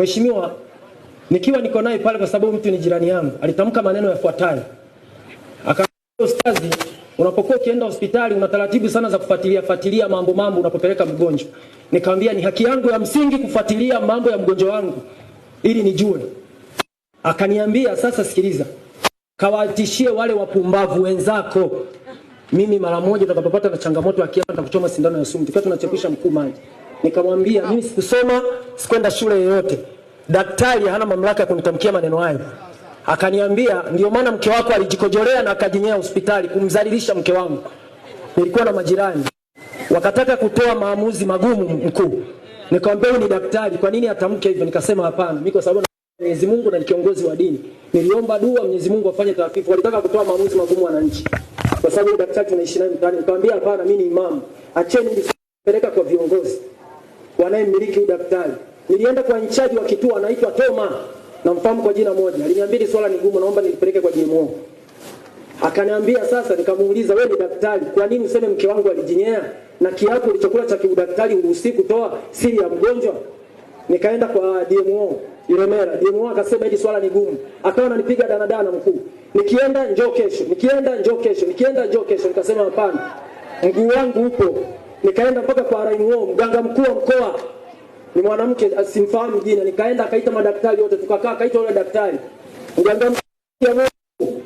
Mheshimiwa, nikiwa niko naye pale, kwa sababu mtu ni jirani yangu, alitamka maneno yafuatayo akaambia, ustazi, unapokuwa ukienda hospitali una taratibu sana za kufuatilia fuatilia mambo mambo unapopeleka mgonjwa. Nikamwambia ni haki yangu ya msingi kufuatilia mambo ya mgonjwa wangu ili nijue. Akaniambia sasa, sikiliza, kawatishie wale wapumbavu wenzako, mimi mara moja utakapopata na changamoto akiapa nitakuchoma sindano ya sumu, tukiwa tunachepusha mkuu maji Nikamwambia mimi sikusoma, sikwenda shule yoyote, daktari hana mamlaka ya kunitamkia maneno hayo. Akaniambia ndio maana mke wako alijikojolea na akajinyea hospitali kumzalilisha mke wangu. Nilikuwa na majirani wakataka kutoa maamuzi magumu mkuu. Nikamwambia ni daktari, kwa nini atamke hivyo? Nikasema hapana, mimi kwa sababu Mwenyezi Mungu na ni kiongozi wa dini. Niliomba dua Mwenyezi Mungu afanye taafifu. Walitaka kutoa maamuzi magumu wananchi. Kwa sababu daktari tunaishi naye mtaani. Nikamwambia hapana, mimi ni imamu. Acheni nipeleka kwa viongozi wanayemiliki daktari. Nilienda kwa inchaji wa kituo anaitwa Toma, namfahamu kwa jina moja. Aliniambia swala ni gumu, naomba nilipeleke kwa GMO. Akaniambia sasa, nikamuuliza wewe ni daktari, kwa nini useme mke wangu alijinyea? Na kiapo ulichokula cha kiudaktari uruhusi kutoa siri ya mgonjwa? Nikaenda kwa DMO Ilemera. DMO akasema hili swala ni gumu. Akawa ananipiga danadana mkuu. Nikienda njoo kesho, nikienda njoo kesho, nikienda njoo kesho, nikasema hapana. Mguu wangu upo nikaenda mpaka kwa RMO, mganga mkuu wa mkoa ni mwanamke asimfahamu jina, nikaenda akaita madaktari wote, tukakaa akaita yule daktari mganga mkuu,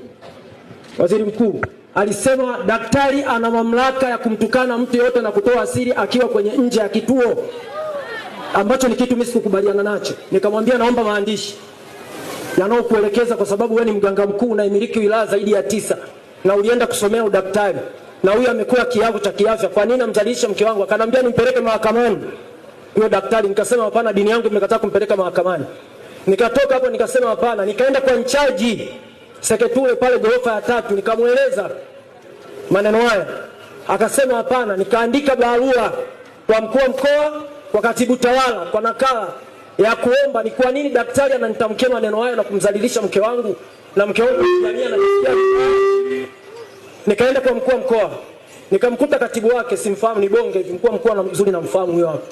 waziri mkuu alisema daktari ana mamlaka ya kumtukana mtu yote na kutoa siri akiwa kwenye nje ya kituo, ambacho ni kitu mimi sikukubaliana nacho. Nikamwambia naomba maandishi yanayokuelekeza, kwa sababu wewe ni mganga mkuu unayemiliki wilaya zaidi ya tisa na ulienda kusomea udaktari na huyu amekula kiapo cha kiafya, kwa nini amzalishe mke wangu? Akanambia nimpeleke mahakamani huyo daktari. Nikasema hapana, dini yangu imekataa kumpeleka mahakamani. Nikatoka hapo nikasema hapana, nikaenda kwa mchaji Seketule pale gorofa ya tatu, nikamweleza maneno haya, akasema hapana. Nikaandika barua kwa mkuu wa mkoa, kwa katibu tawala, kwa nakala ya kuomba ni kwa nini daktari ananitamkia maneno haya na kumzalilisha mke wangu na mke wangu jamii anasikia Nikaenda kwa mkuu wa mkoa, nikamkuta katibu wake, simfahamu, ni bonge hivi. Mkuu wa mkoa mzuri namfahamu huyo hapo,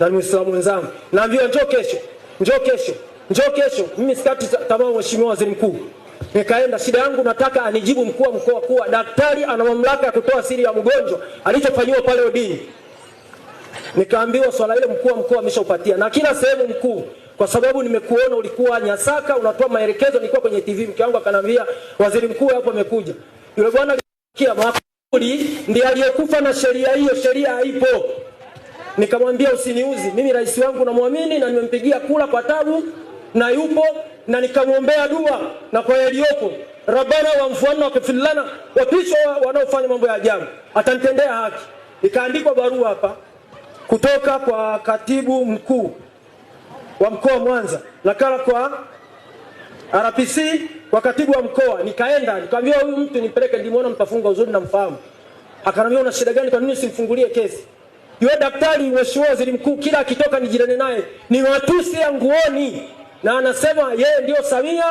na ni Muislamu mwenzangu, naambiwa njoo kesho, njoo kesho, njoo kesho. Mimi sikati tamaa, mheshimiwa waziri mkuu. Nikaenda, shida yangu nataka anijibu mkuu wa mkoa kuwa daktari ana mamlaka ya kutoa siri ya mgonjwa alichofanyiwa pale odini. Nikaambiwa swala ile mkuu wa mkoa ameshaupatia na kila sehemu mkuu kwa sababu nimekuona ulikuwa Nyasaka unatoa maelekezo, nilikuwa kwenye TV, mke wangu akanambia waziri mkuu hapo amekuja yule bwana. Kia mapuli ndiye aliyekufa na sheria hiyo, sheria haipo. Nikamwambia usiniuzi mimi, rais wangu namwamini na nimempigia kula kwa tabu na yupo na nikamwombea dua na kwa yaliyopo rabbana wa mfuano wa wapisho wanaofanya mambo ya ajabu atanitendea haki. Ikaandikwa barua hapa kutoka kwa katibu mkuu wa mkoa wa Mwanza nakala kwa RPC kwa katibu wa mkoa, nikaenda nikamwambia huyu mtu nipeleke, nilimuona mtafunga uzuri na mfahamu. Akaniambia una shida gani? Kwa nini simfungulie kesi? Yule daktari mheshimiwa waziri mkuu kila akitoka ni jirani naye ni matusi ya nguoni, na anasema yeye ndio Samia,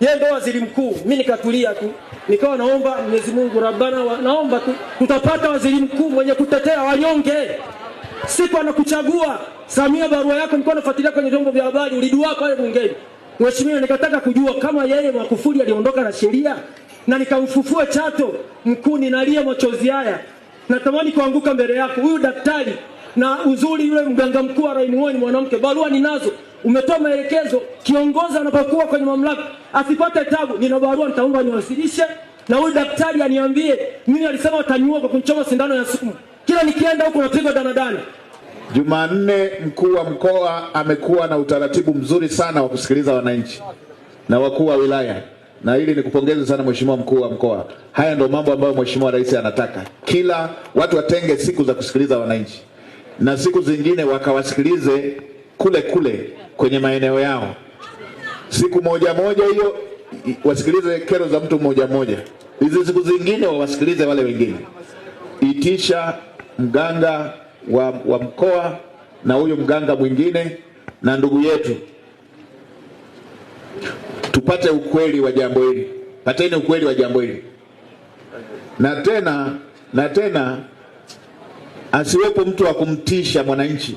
yeye ndio waziri mkuu. Mimi nikatulia tu nikawa naomba Mwenyezi Mungu Rabbana wa, naomba tu tutapata waziri mkuu mwenye kutetea wanyonge. Siku anakuchagua Samia, barua yako nilikuwa nafuatilia kwenye vyombo vya habari, ulidua pale bungeni. Mheshimiwa, nikataka kujua kama yeye Magufuli aliondoka na sheria na nikamfufua Chato mkuu, ninalia machozi haya, natamani kuanguka mbele yako. Huyu daktari na uzuri yule mganga mkuu wa Rainwoni ni mwanamke, barua ninazo. Umetoa maelekezo kiongozi anapokuwa kwenye mamlaka asipate tabu. Nina barua, nitaomba niwasilishe, na huyu daktari aniambie mimi, alisema ataniua kwa kunchoma sindano ya sumu. Kila nikienda huko napigwa danadana. Jumanne mkuu wa mkoa amekuwa na utaratibu mzuri sana wa kusikiliza wananchi na wakuu wa wilaya, na hili ni kupongeza sana mheshimiwa mkuu wa mkoa. Haya ndio mambo ambayo mheshimiwa rais anataka, kila watu watenge siku za kusikiliza wananchi na siku zingine wakawasikilize kule kule kwenye maeneo yao, siku moja moja hiyo wasikilize kero za mtu mmoja mmoja, hizi siku zingine wawasikilize wale wengine. Itisha mganga wa, wa mkoa na huyu mganga mwingine na ndugu yetu, tupate ukweli wa jambo hili, pateni ukweli wa jambo hili, na tena na tena asiwepo mtu wa kumtisha mwananchi